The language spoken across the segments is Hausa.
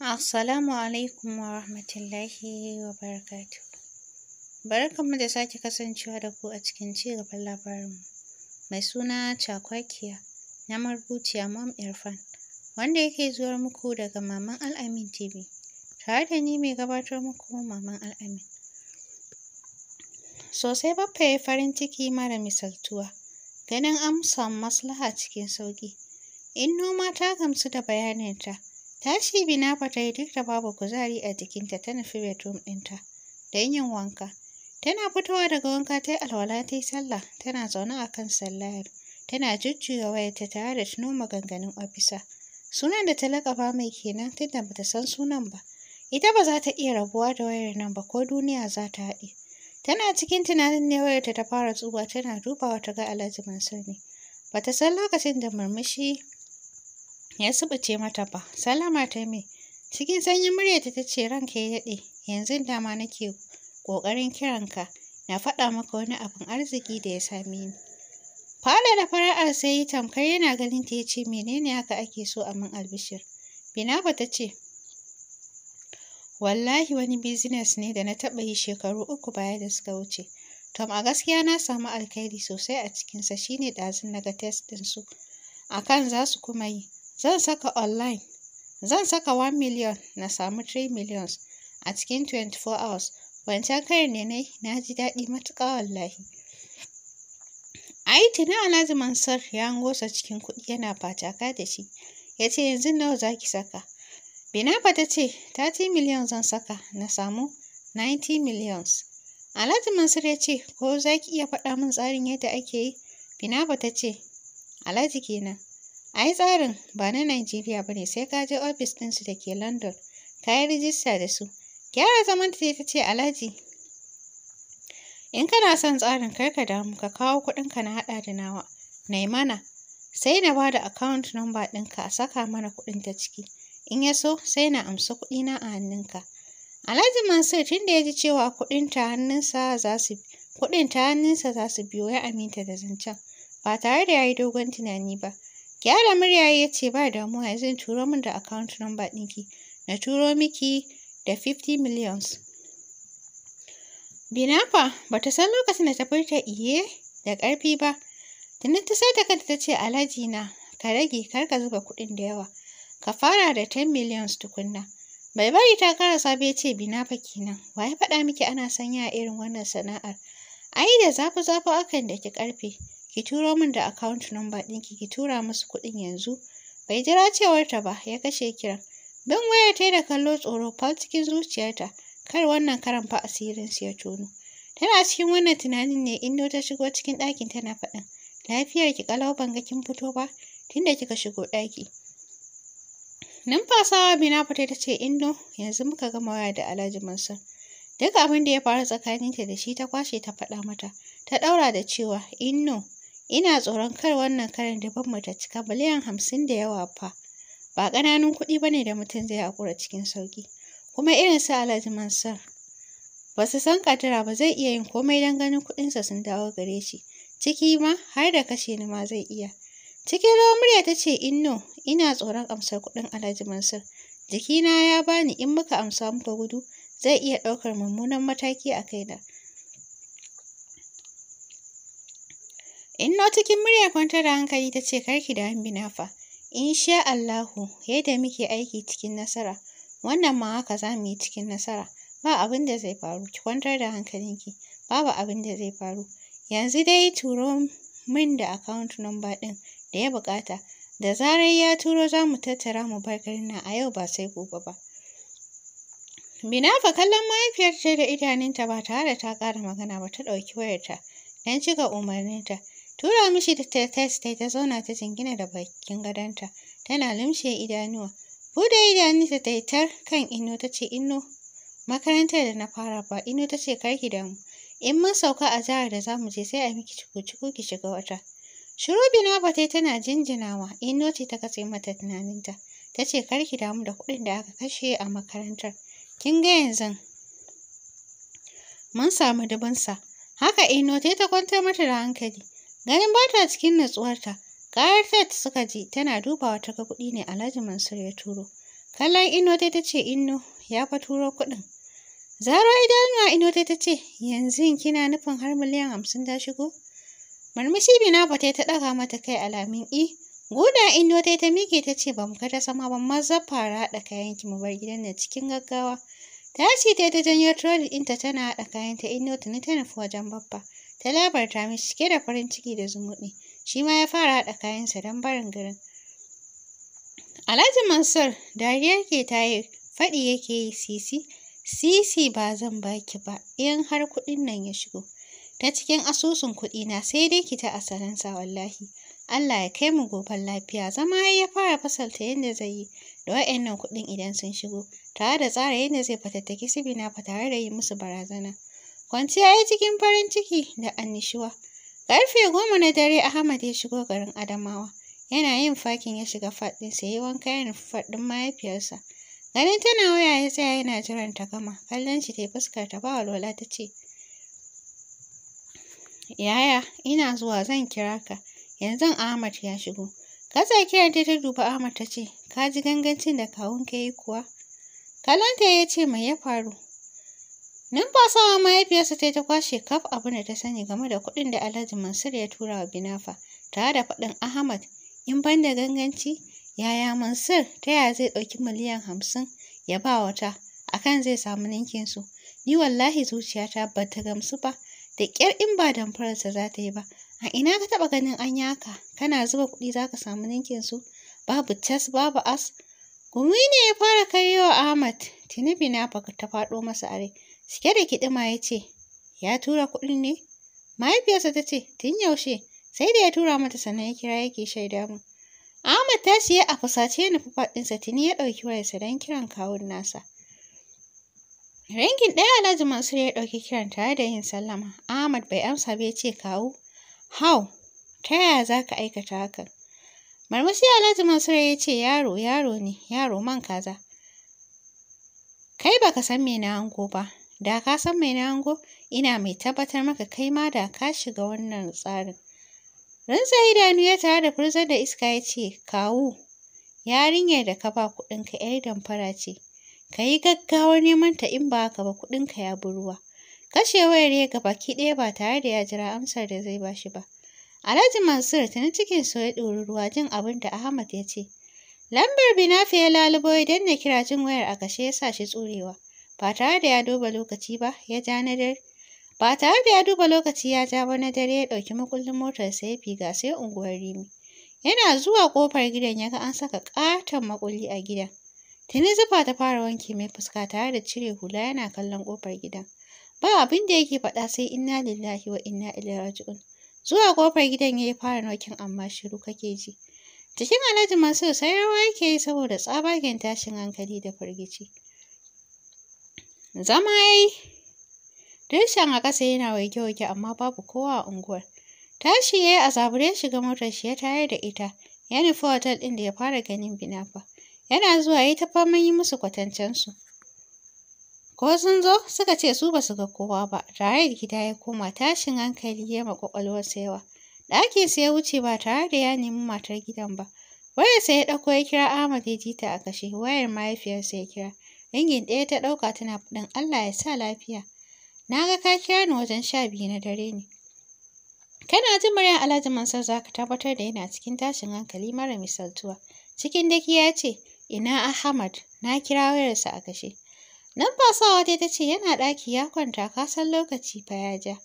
Assalamu alaikum wa rahmatullahi wa barakatuh. Barkanmu da sake kasancewa da ku a cikin ci gaban labarinmu. Mai suna Chakwakiya na marubuciya Mom Irfan, wanda yake zuwa muku daga Maman Al'amin TV, tare da ni mai gabatar muku Maman Al'amin. Sosai baffa ya farin ciki mara misaltuwa, ganin amsa maslaha cikin sauƙi. In noma ta gamsu da bayaninta, Tashi Binafa ta yi duk da babu kuzari a jikinta ta nufi bedroom ɗinta don yin wanka. Tana fitowa daga wanka ta yi alwala ta yi sallah tana zaune a kan sallayar. Tana jujjuya wayarta tare da tuno maganganun ofisa. Sunan da ta laƙaba mai kenan tunda bata san sunan ba. Ita ba za ta iya rabuwa da wayar nan ba ko duniya za ta haɗe. Tana cikin tunanin ne wayarta ta fara tsuwa tana dubawa ta ga Alhaji sani. ne. Bata san lokacin da murmushi ya subuce mata fa salama ta me cikin sanyin muryarta ta ce ranka ya daɗe yanzu dama nake ƙoƙarin kiranka na faɗa maka wani abin arziki da ya same ni fada da fara'ar sai yi tamkar yana ganin ta ya ce menene haka ake so a min albishir binaba ta ce wallahi wani bizines ne da na taɓa yi shekaru uku baya da suka wuce tom a gaskiya na samu alkhairi sosai a cikinsa shine ɗazun na ga test ɗinsu a kan za su kuma yi Zan saka online. Zan saka 1 million na samu 3 millions a cikin 24 hours. Wancan karin ne na yi, na ji daɗi matuƙa wallahi. A yi tuni Alhaji Mansur ya ngosa cikin kuɗi yana fataka da shi. Ya ce yanzu nawa za ki saka? Binafa ta ce 30 million zan saka na samu 90 millions. Alhaji Mansur ya ce ko za ki iya faɗa min tsarin yadda ake yi? Binafa ta ce Alhaji kenan. A yi tsarin ba na Najeriya ba ne sai ka je ofis ɗinsu da ke London, ka yi rijista da su. Gyara zaman ta ta ce Alhaji, in kana son tsarin kar ka damu ka kawo kuɗinka na haɗa da nawa, na mana, sai na ba da akawunt ɗinka a saka mana kuɗin ta ciki, in ya so sai na amsa kuɗina a hannunka. Alhaji masu tun da ya ji cewa kuɗin ta hannunsa za su kuɗin ta hannunsa za su biyo ya aminta da zancen ba tare da ya yi dogon tunani ba. Gyara murya ya ce ba damuwa zan turo min da account number ɗinki. Na turo miki da 50 millions. Binafa ba ta san lokacin da ta furta iye da ƙarfi ba. Tuni ta sai da kanta ta ce alhaji na ka rage kar ka zuba kuɗin da yawa. Ka fara da 10 millions tukunna. Bai bari ta karasa ba ya ce binafa kenan. Wa ya faɗa miki ana sanya irin wannan sana'ar? Ai da zafi-zafi akan da ki ƙarfe. ki turo min da account number ɗinki ki tura musu kuɗin yanzu bai jira cewar ta ba ya kashe kiran bin waya ta da kallo tsoro fal cikin zuciyarta kar wannan karan fa asirin su ya tono tana cikin wannan tunanin ne indo ta shigo cikin ɗakin tana faɗin lafiyar ki kalau ban ga kin fito ba tunda kika shigo ɗaki numfasawa bina fita ta ce indo yanzu muka gama waya da alhaji mansur duk abin da ya faru tsakaninta da shi ta kwashe ta faɗa mata ta ɗaura da cewa inno Ina tsoron kar wannan karin mu ta cika miliyan hamsin da yawa fa. Ba ƙananun kuɗi ba ne da mutum zai haƙura cikin sauƙi. Kuma irin su Alhaji Mansur. Ba su san ƙadira ba zai iya yin komai don ganin kuɗinsa sun dawo gare shi. Ciki ma har da kashe ni ma zai iya. Cikin rawar murya ta ce inno ina tsoron amsar kuɗin Alhaji Mansur. Jikina ya bani in muka amsa muka gudu zai iya ɗaukar mummunan mataki a kaina. In Inno cikin murya kwantar da hankali ta ce karki da Amina fa. Insha Allahu, yadda muke aiki cikin nasara, wannan ma haka za mu yi cikin nasara. Ba abin da zai faru, ki kwantar da ki, babu abin da zai faru. Yanzu dai turo min da account number ɗin da ya buƙata. Da zarar ya turo za mu tattara mu bar garin nan a yau ba sai gobe ba. Binafa kallon mahaifiyarta da idanunta ba tare da ta ƙara magana ba ta ɗauki wayarta don cika umarninta. Tura mishi ta test ta zauna ta jingina da bakin gadonta, tana limshe idanuwa. Bude idanunta ta yi kan ino. ta ce, ino makarantar da na fara ba, Ino ta ce, kar ki damu. In mun sauka a jihar da za mu je sai a miki ciku-ciku ki shiga wata. Shurubina ba tai tana jinjinawa, Ino ce ta katse mata tunaninta. Ta ce, kar ki damu da kuɗin da aka kashe a makarantar. Kin ga yanzu mun samu dubunsa. Haka ino ta ta kwantar mata da hankali. Ganin ba ta cikin natsuwarta, ƙarar Tet suka ji tana duba ta ga kuɗi ne Alhaji Mansur ya turo. Kallon Ino dai ta ce ino ya fa turo kuɗin. Zaro idanuwa Ino dai ta ce yanzu kina nufin har miliyan hamsin ta shigo? Murmushi Bina ba ta ɗaga mata kai alamin i. Guda ino dai ta miƙe ta ce ba mu kada sama ba maza fara haɗa kayanki mu bar gidan nan cikin gaggawa. Ta ce ta ta janyo da ɗinta tana haɗa kayan kayanta Indo tuni ta nufi wajen babba. ta labarta mishi cike da farin ciki da zumuɗi shi ma ya fara haɗa kayansa don barin garin alhaji mansur dariya ke ta yi faɗi yake yi sisi sisi ba zan baki ba in har kuɗin nan ya shigo ta cikin asusun kuɗi na sai dai ki ta asalansa wallahi Allah ya kai mu gobar lafiya zama ya fara fasalta yadda zai yi da wa'annan kuɗin idan sun shigo tare da tsara yadda zai fatattaki sibina fa tare da yi musu barazana Kwanciya ya cikin farin ciki da annishuwa. Ƙarfe, goma na dare Ahmad ya shigo garin Adamawa. Yana yin fakin ya shiga faɗin, ya yi wanka ya faɗin mahaifiyarsa. Ganin tana waya ya tsaya yana jiran ta gama. Kallon shi ta fuskar ta ba walwala ta ce, Yaya, ina zuwa zan kira ka. Yanzu Ahmad ya shigo. Kasa kiran ta ta duba Ahmad ta ce, Ka ji gangancin da kawunka ya yi kuwa? ta ya ce, Mai ya faru? Numfasawa mahaifiyarsa ta ta kwashe kaf abin da ta sani game da kuɗin da Alhaji Mansur ya tura wa Binafa, tare da faɗin Ahmad, in ban da ganganci, yaya Mansur ta yaya zai ɗauki miliyan hamsin ya ba wata, A kan zai samu ninkinsu. Ni wallahi zuciyata ba ta gamsu ba, da ƙyar in ba damfararsa za ta yi ba. A ina ka taɓa ganin an yi haka, kana zuba kuɗi za ka samu ninkinsu, babu cas babu as. Gumi ne ya fara wa Ahmad, tuni Binafa ta faɗo masa rai. Sike da kiɗima ya ce, Ya tura kuɗin ne? Mahaifiyarsa ta ce, Tun yaushe, sai da ya tura mata sannan ya kira yake shaida mu Ahmad ta siya a fusace ni fafaɗinsa ɗinsa tuni ya ɗauki wayarsa don kiran kawun nasa. Rangin ɗaya Alhaji Mansur ya ɗauki kiran tare da yin sallama. Ahmad bai amsa ba ya ce kawu. Hau, ta yaya za ka aikata hakan? Marmashi Alhaji Mansur ya ce yaro yaro ne, yaro man kaza. Kai baka san me na ango ba, Da ka san mai na hango, ina mai tabbatar maka kai ma da ka shiga wannan tsarin. Rantsa idanu ya tare da furzar da iska ya ce, Kawu, yarinyar da ka ba kuɗinka ‘yar damfara ce, ka yi gaggawar neman ta in ba haka ba kuɗinka ya bi ruwa. Kashe wayar ya ga baki ɗaya ba tare da ya jira amsar da zai ba shi ba. Alhaji Mansur tuni cikin so ya ɗori ruwa jin abin da Ahmad ya ce. Lambar Binafi ya lalubo ya danna kira jin wayar a kashe ya sa shi tsurewa. ba tare da ya duba lokaci ba ya ja na dare ba tare da ya duba lokaci ya ja ba na dare ya ɗauki makullin motar sa ya figa sai unguwar rimi yana zuwa ƙofar gidan ya ga an saka ƙaton makulli a gidan tuni zufa ta fara wanke mai fuska tare da cire hula yana kallon ƙofar gidan ba abin da yake faɗa sai inna lillahi wa inna ilaihi raji'un zuwa ƙofar gidan ya fara nokin amma shiru kake ji cikin alhaji masu sai rawa yake yi saboda tsabagen tashin hankali da firgici Zama ya yi. Dirshan a ƙasa yana waige-waige amma babu kowa a unguwar. Tashi ya yi a zabure shiga motar shi ya tayar da ita. Ya nufi hotel ɗin da ya fara ganin Binafa. Yana zuwa ya yi ta faman yi musu kwatancensu. Ko sun zo suka ce su ba su ga kowa ba. Tare da gida ya koma tashin hankali ya ma ƙwaƙwalwarsa yawa. Ɗakin ya wuce ba tare da ya nemi matar gidan ba. Wayarsa ya ɗauko ya kira Ahmad ya ji ta a kashe, wayar mahaifiyarsa ya kira. yangin ɗaya ta ɗauka tana faɗin Allah ya sa lafiya. Na ga ka kira ni wajen sha biyu na dare ne. Kana jin muryar Alhaji Mansur za ka tabbatar da yana cikin tashin hankali mara misaltuwa. Cikin daki ya ce, Ina Ahmad, na kira wayarsa a kashe. Nan fasawa waje ta ce yana ɗaki ya kwanta ka san lokaci fa ya ja.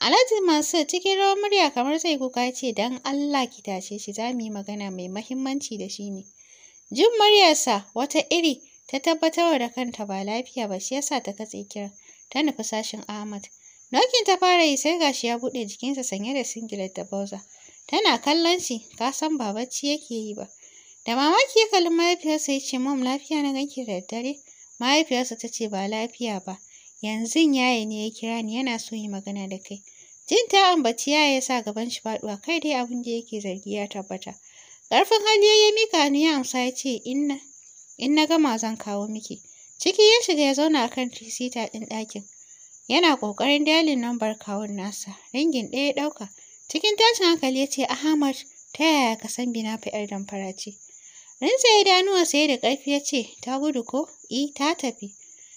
Alhaji Mansur cikin rawar murya kamar zai kuka ya ce don Allah ki tashe shi za mu yi magana mai mahimmanci da shi ne. Jin muryarsa wata iri Ta tabbatar da kanta ba lafiya ba shi yasa ta katse kiran. Ta nufi sashin Ahmad. Nokin ta fara yi sai gashi ya buɗe jikinsa sanye da singlet da bauza. Tana kallon shi, ka san ba bacci yake yi ba. Da mamaki ya kalli mahaifiyarsa ya ce, Mom, lafiya na ganki da daddare? Mahaifiyarsa ta ce, Ba lafiya ba. Yanzu yaye ne ya kira ni yana so yi magana da kai. Jin ta ambaci yaye ya sa gaban shi faɗuwa kai dai abin da yake zargi ya tabbata. Ƙarfin hali ya mika ni ya amsa ya ce, Inna. in na gama zan kawo miki. Ciki ya shiga ya zauna a kan tirisita ɗin ɗakin. Yana ƙoƙarin dalin nambar kawun nasa, ringin ɗaya ya ɗauka. Cikin tashin hankali ya ce, Ahmad, ta yaya ka san bina fa 'yar damfara ce? Rinsa danuwa sai da ƙarfi ya ce, ta gudu ko? I, e, ta tafi.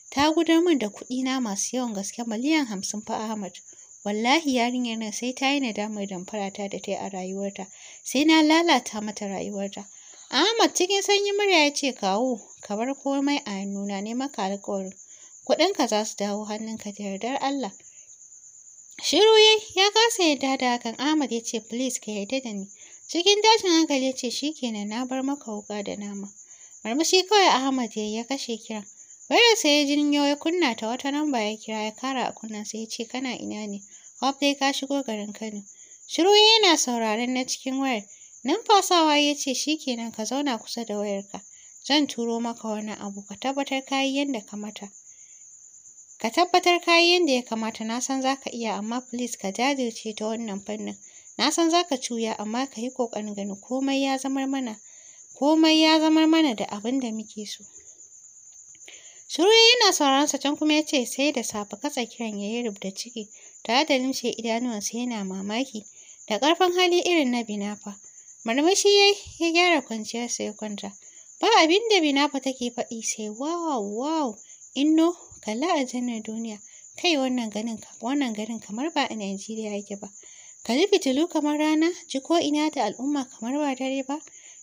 Ta gudar min da kuɗina masu yawan gaske miliyan hamsin fa Ahmad. Wallahi yarinyar nan sai ta yi nadamar damfara ta da ta yi a rayuwarta, sai na lalata mata rayuwarta. Ahmad cikin sanyi murya ya ce kawo ka bar komai a hannuna ne maka alƙawarin kuɗinka za su dawo hannunka da yardar Allah. Shiru ya kasa yadda da hakan Ahmad ya ce please ka yarda da ni. Cikin tashin hankali ya ce shikenan na bar maka wuka da nama. Marmashi kawai Ahmad ya ya kashe kiran. Wayar sai ya jinyo ya kunna ta wata namba ya kira ya kara a kunna, sai ya ce kana ina ne? Hope dai ka shigo garin Kano. Shiru yana sauraron na cikin wayar. Numfasawa ya ce shi kenan ka zauna kusa da wayarka. Zan turo maka wani abu ka tabbatar ka yadda ka mata. Ka tabbatar ka yadda ya kamata na san za ka iya amma please ka jajirce ta wannan fannin. Na san za ka cuya amma ka yi ƙoƙarin gani komai ya zamar mana komai ya zamar mana da abin da muke so. Shiru yana sauraron sa can kuma ya ce sai da safe katsa kiran ya yi rubda ciki tare da limshe idanuwansa yana mamaki da ƙarfin hali irin na binafa. Marmashi ya gyara kwanciyarsa ya kwanta. Ba abin da Binafa take faɗi sai wow wow inno kalla jannar duniya. Kai wannan ganin wannan garin kamar ba a Najeriya yake ba. Kalli fitilu kamar rana, ji ko ina ta al'umma kamar ba dare ba.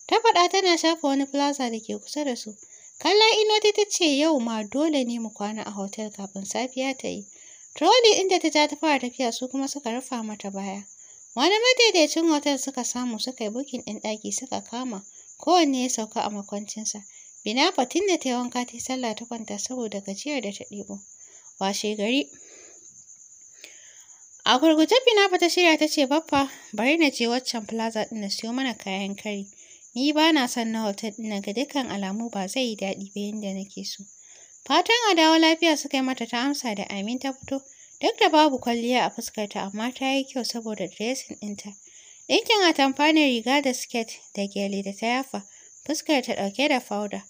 Ta faɗa tana shafa wani plaza da ke kusa da su. Kalla ino ta ce yau ma dole ne mu kwana a hotel kafin safiya ta yi. Troli inda ta ja ta fara tafiya su kuma suka rufa mata baya. Wani madaidaicin hotel suka samu suka yi bukin ɗin ɗaki suka kama, kowanne ya sauka a makwancinsa. Bina tun da ta yi wanka ta yi sallah ta kwanta saboda gajiyar da ta ɗebo. Washe gari. A gurguje Binafa ta shirya ta ce baffa bari na je waccan plaza ɗin na siyo mana kayan kari. Ni ba na son na hotel ɗin ga dukkan alamu ba zai yi daɗi ba yadda nake so. Fatan a dawo lafiya suka yi mata ta amsa da amin ta fito. Duk da babu kwalliya a fuskarta amma ta yi kyau saboda dressing ɗinta. Dinkin atamfa riga da siket da gele da ta yafa, fuskarta ɗauke da fauda.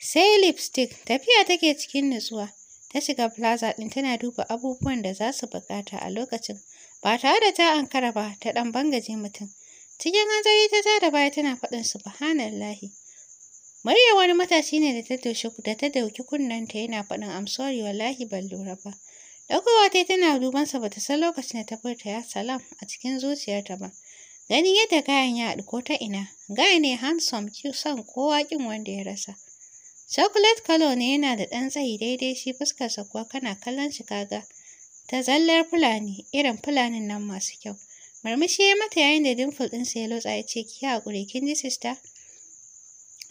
Sai lipstick, tafiya take cikin nutsuwa. Ta shiga plaza ɗin tana duba abubuwan da za su buƙata a lokacin. Ba tare da ta ankara ba, ta ɗan bangaje mutum. Cikin hanzari ta ja da baya tana faɗin subhanallahi. Murya wani matashi ne da ta doshi da ta dauki kunnenta yana faɗin I'm sorry wallahi ban lura ba. Ɗaukowa ta tana dubansa bata san lokacin da ta furta ya salam a cikin zuciyarta ba. Ganin yadda kayan ya haɗu ko ta ina, gaya ne hansom, ki son kowa ƙin wanda ya rasa. Chocolate color ne yana da ɗan tsayi daidai shi fuskarsa kuwa kana kallon shi kaga. Ta zallar fulani, irin fulanin nan masu kyau. Murmushi ya mata yayin da dimple ɗinsa ya lotsa ya ce ki haƙuri kin ji sista?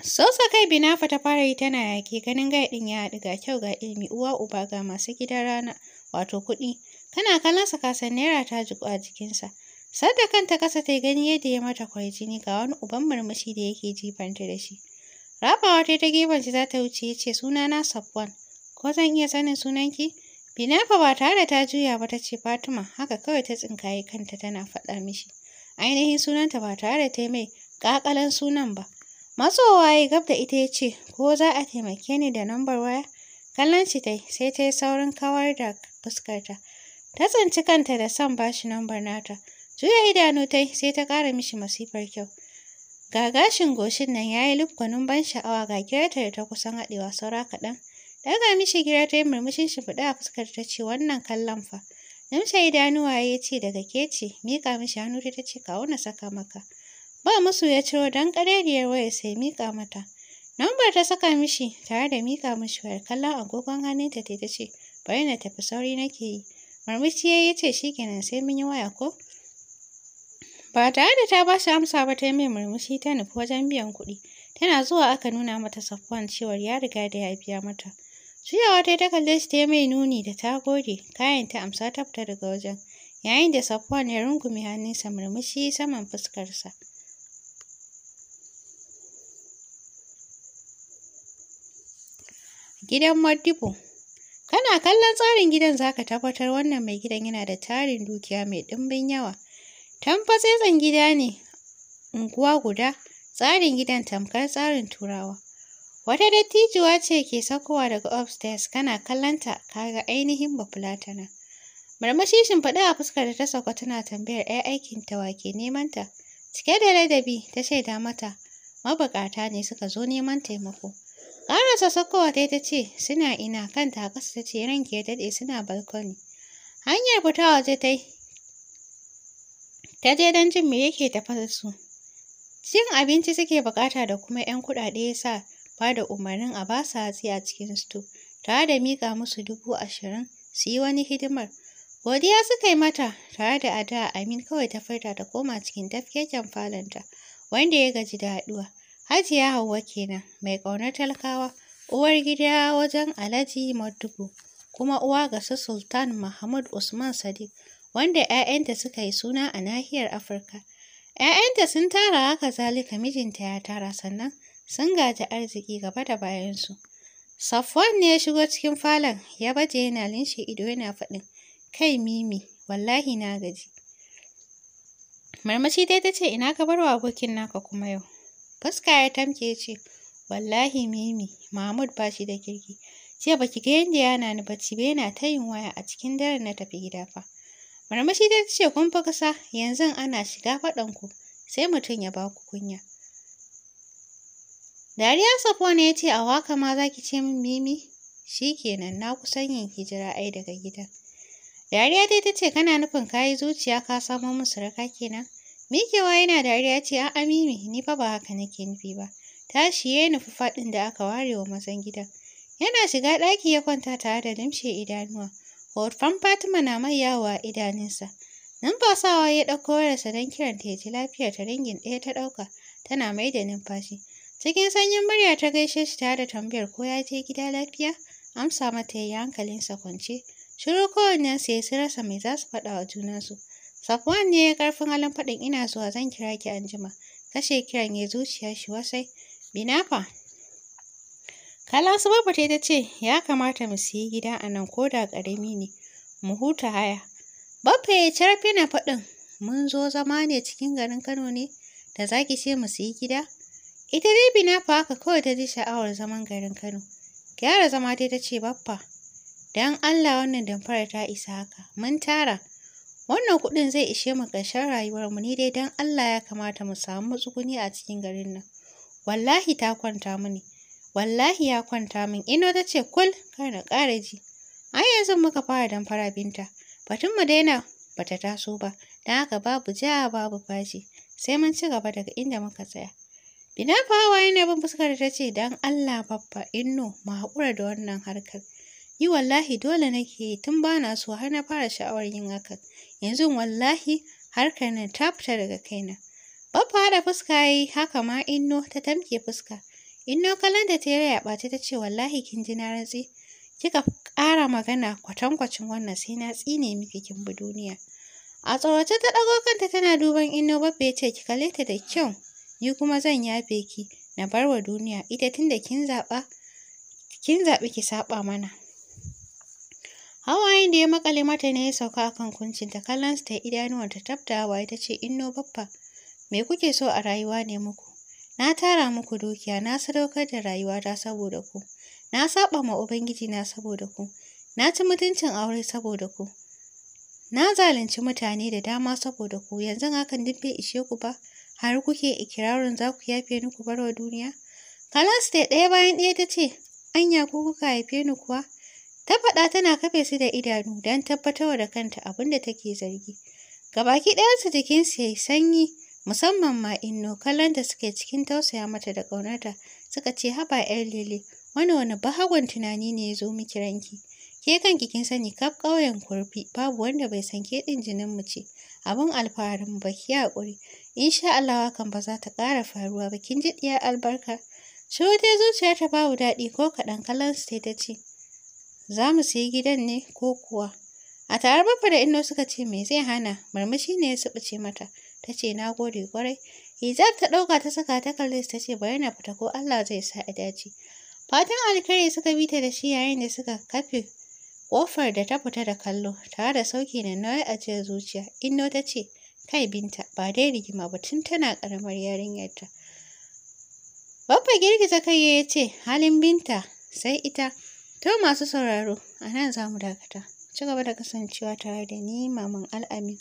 Sosa kai Binafa ta fara yi tana yaƙi ganin gai ɗin ya haɗu ga kyau ga ilimi uwa uba ga masu gidan rana wato kuɗi. Kana kallonsa kasan naira ta jiku a jikinsa. Sadda kanta kasa ta gani yadda ya mata jini, ga wani uban murmushi da yake jifanta da shi. Rabawa ta ta gefen za ta wuce ya ce sunana Safwan. Ko zan iya sanin sunanki? Binafa ba tare da ta juya ba ta ce Fatima haka kawai ta tsinkaye kanta tana faɗa mishi. Ainihin sunanta ba tare da ta mai ƙaƙalan sunan ba. Matsowa ya gab da ita ya ce, ko za a taimake ni da lambar waya? Kallon shi ta sai ta yi saurin kawar da fuskarta. Ta tsinci kanta da son ba shi lambar nata. Juya idanu tai, sai ta ƙara mishi masifar kyau. Ga gashin goshin nan ya yi lubgwanin ban sha'awa ga girata da ta kusan haɗewa saura kaɗan. Daga mishi gira ta yi murmushin fuɗa a fuskar ta ce wannan kallon fa. Nimsa idanuwa ya ce daga ke ce, miƙa mishi hannu ta ce kawo na saka maka. Ba musu ya ciro don ƙarerriyar waya sai miƙa mata. Nambar ta saka mishi tare da miƙa mishi wayar kallon agogon hannunta ta ta ce, bari na tafi sauri nake yi. Marmici ya yi ce shi kenan sai mun yi waya ko? Ba tare da ta ba shi amsa ba ta yi mai murmushi ta nufi wajen biyan kuɗi. Tana zuwa aka nuna mata safuwan cewar ya riga da ya biya mata. Juyawa ta ta kalle shi ta mai nuni da ta gode, kayan ta amsa ta fita daga wajen, yayin da safuwan ya rungume hannunsa murmushi saman fuskarsa. Gidan Modibo. Kana kallon tsarin gidan za ka tabbatar wannan mai gidan yana da tarin dukiya mai ɗimbin yawa. Tamfa tsetsen gida ne, unguwa guda, tsarin gidan tamkar tsarin Turawa. Wata dattijuwa ce ke sakowa daga upstairs kana kallonta ga ainihin bafulatana. Marmashi shimfiɗa a fuskar da ta sauka tana tambayar 'yar aikinta wa ke nemanta. Cike da ladabi ta shaida mata, mabukata ne suka zo neman taimako. Ƙarasa sakowa dai ta ce, suna ina kanta a ƙasa ta ce ranke ya daɗe suna balkoni. Hanyar fita waje ta yi. Ta je don jin me yake tafa da su. Cin abinci suke buƙata da kuma 'yan kuɗaɗe ya sa ba da umarnin a ba su hatsi a cikin sto, tare da miƙa musu dubu ashirin su yi wani hidimar. Godiya suka yi mata tare da ada Amin kawai ta furta ta koma cikin tafkeken falonta wanda ya gaji da haɗuwa. Hajiya Hauwa kenan mai ƙaunar talakawa, uwar gida wajen Alhaji Madugu, kuma uwa ga su Sultan Mahmud Usman Sadiq, wanda 'ya'yanta suka yi suna a nahiyar Afirka. 'Ya'yanta sun tara haka zalika mijinta ya tara sannan sun gaji arziki gaba da bayansu. Safwan ne ya shigo cikin falon ya baje yana linshe ido yana faɗin kai mimi wallahi na gaji. Marmashi dai ta ce ina ka bar wa abokin naka kuma yau. Fuska ya tamke ce, Wallahi Mimi, Mahmud ba shi da kirki. Jiya ba ki ga yadda yana ni bacci ba yana ta yin waya a cikin daren na tafi gida fa. Marmashi ta ce kun fi kasa yanzu ana shiga faɗan ku, sai mutum ya ba ku kunya. Dariya ne ya ce a waka ma za ki ce min Mimi? Shi kenan na kusan yin hijira ai daga gidan. Dariya dai ta ce kana nufin ka yi zuciya ka samo min suraka kenan? Mikewa yana dariya ce a amimi ni fa ba haka nake nufi ba. Ta shiye nufi faɗin da aka ware wa mazan gidan. Yana shiga ɗaki ya kwanta tare da limshe idanuwa. Horfan Fatima na mai yawo a idanunsa. Numfasawa ya ɗauko wayarsa don kiran ta ya ji lafiya ta ringin ɗaya ta ɗauka tana mai da numfashi. Cikin sanyin murya ta gaishe shi tare da tambayar ko ya je gida lafiya. Amsa mata ya yi hankalinsa kwance. Shiru kowannensu ya yi su rasa mai za su faɗa wa junansu. Safwan ne ya karfin halin faɗin ina zuwa zan kira ki anjima. Kashe kiran ya zuciya shi wasai. Binafa. Kala su babu ta ce ya kamata mu siyi gida a nan ko da ƙarami ne. Mu huta haya. Baffa ya carfi na faɗin mun zo zama ne cikin garin Kano ne da za ki ce mu siyi gida. Ita dai Binafa haka kawai ta ji sha'awar zaman garin Kano. Gyara zama dai ta ce baffa. Dan Allah wannan damfara ta isa haka. Mun tara. Wannan kuɗin zai ishe mu ƙarshen rayuwarmu ni dai don Allah ya kamata mu samu matsuguni a cikin garin nan. Wallahi ta kwanta mini. Wallahi ya kwanta min. Ino ta ce kul kar na ƙara ji. Ai yanzu muka fara damfara binta. Batun mu daina bata taso ba. Don haka babu ja babu fashi. Sai mun ci gaba daga inda muka tsaya. Bina fawa yana bin fuskar ta ce don Allah babba inno mu haƙura da wannan harkar. Yi wallahi dole nake yi tun ba na so har na fara sha'awar yin hakan. Yanzu wallahi harkar nan ta fita daga kaina. Babba da fuska ya yi haka ma inno ta tamke fuska. Inno da ta yi a ɓace ta ce wallahi kin ji na rantsi. Kika ƙara magana kwatankwacin wannan sai na tsine miki kin bi duniya. A tsawace ta ɗago kanta tana duban inno Babba ya ce ki kalle ta da kyau. Ni kuma zan yafe ki na bar wa duniya ita tunda kin zaɓa kin zaɓi ki saɓa mana. Hawayen da ya makale mata ne ya sauka a kan kuncinta su ta idanuwanta tabta hawaye ta ce inno baffa me kuke so a rayuwa ne muku na tara muku dukiya na sadaukar da rayuwata saboda ku na saba ma ubangiji na saboda ku na ci mutuncin aure saboda ku na zalunci mutane da dama saboda ku yanzu hakan duk bai ishe ku ba har kuke ikirarin za ku yafe ni ku bar wa duniya yi ɗaya bayan ɗaya ta ce anya ku kuka haife ni kuwa Ta faɗa tana kafe su da idanu don tabbatar da kanta abin da take zargi. Gabaki ɗayansu jikinsu ya yi sanyi, musamman ma inno kallon da suke cikin tausaya mata da ƙaunarta suka ce haba 'yar lele wani wani bahagon tunani ne ya zo miki ranki. Ke kanki kin sani kaf ƙauyen kurfi babu wanda bai san ke ɗin jinin mu ce. Abin alfaharin ba ki haƙuri. Insha Allah hakan ba za ta ƙara faruwa ba kin ji ɗiyar albarka. Shiru dai zuciyarta babu daɗi ko kaɗan kallon su ta ce. za mu sayi gidan ne ko kuwa? A tare, Babba da Inno suka ce me zai hana, murmushi ne ya suɓuce mata. Ta ce na gode kwarai. Hijab ta ɗauka ta saka ta kalle ta ce bari na fita ko Allah zai sa a dace. Fatan alkhairi suka bi ta da shi yayin da suka kafe ƙofar da ta fita da kallo tare da sauki na nauyi a jiyar zuciya. Inno ta ce kai binta ba dai rigima ba tun tana ƙaramar yarinyarta. Babba girgiza kai ya ce halin binta sai ita. To masu sauraro, a nan za mu dakata. Ci gaba da kasancewa tare da ni, Maman Al'amin.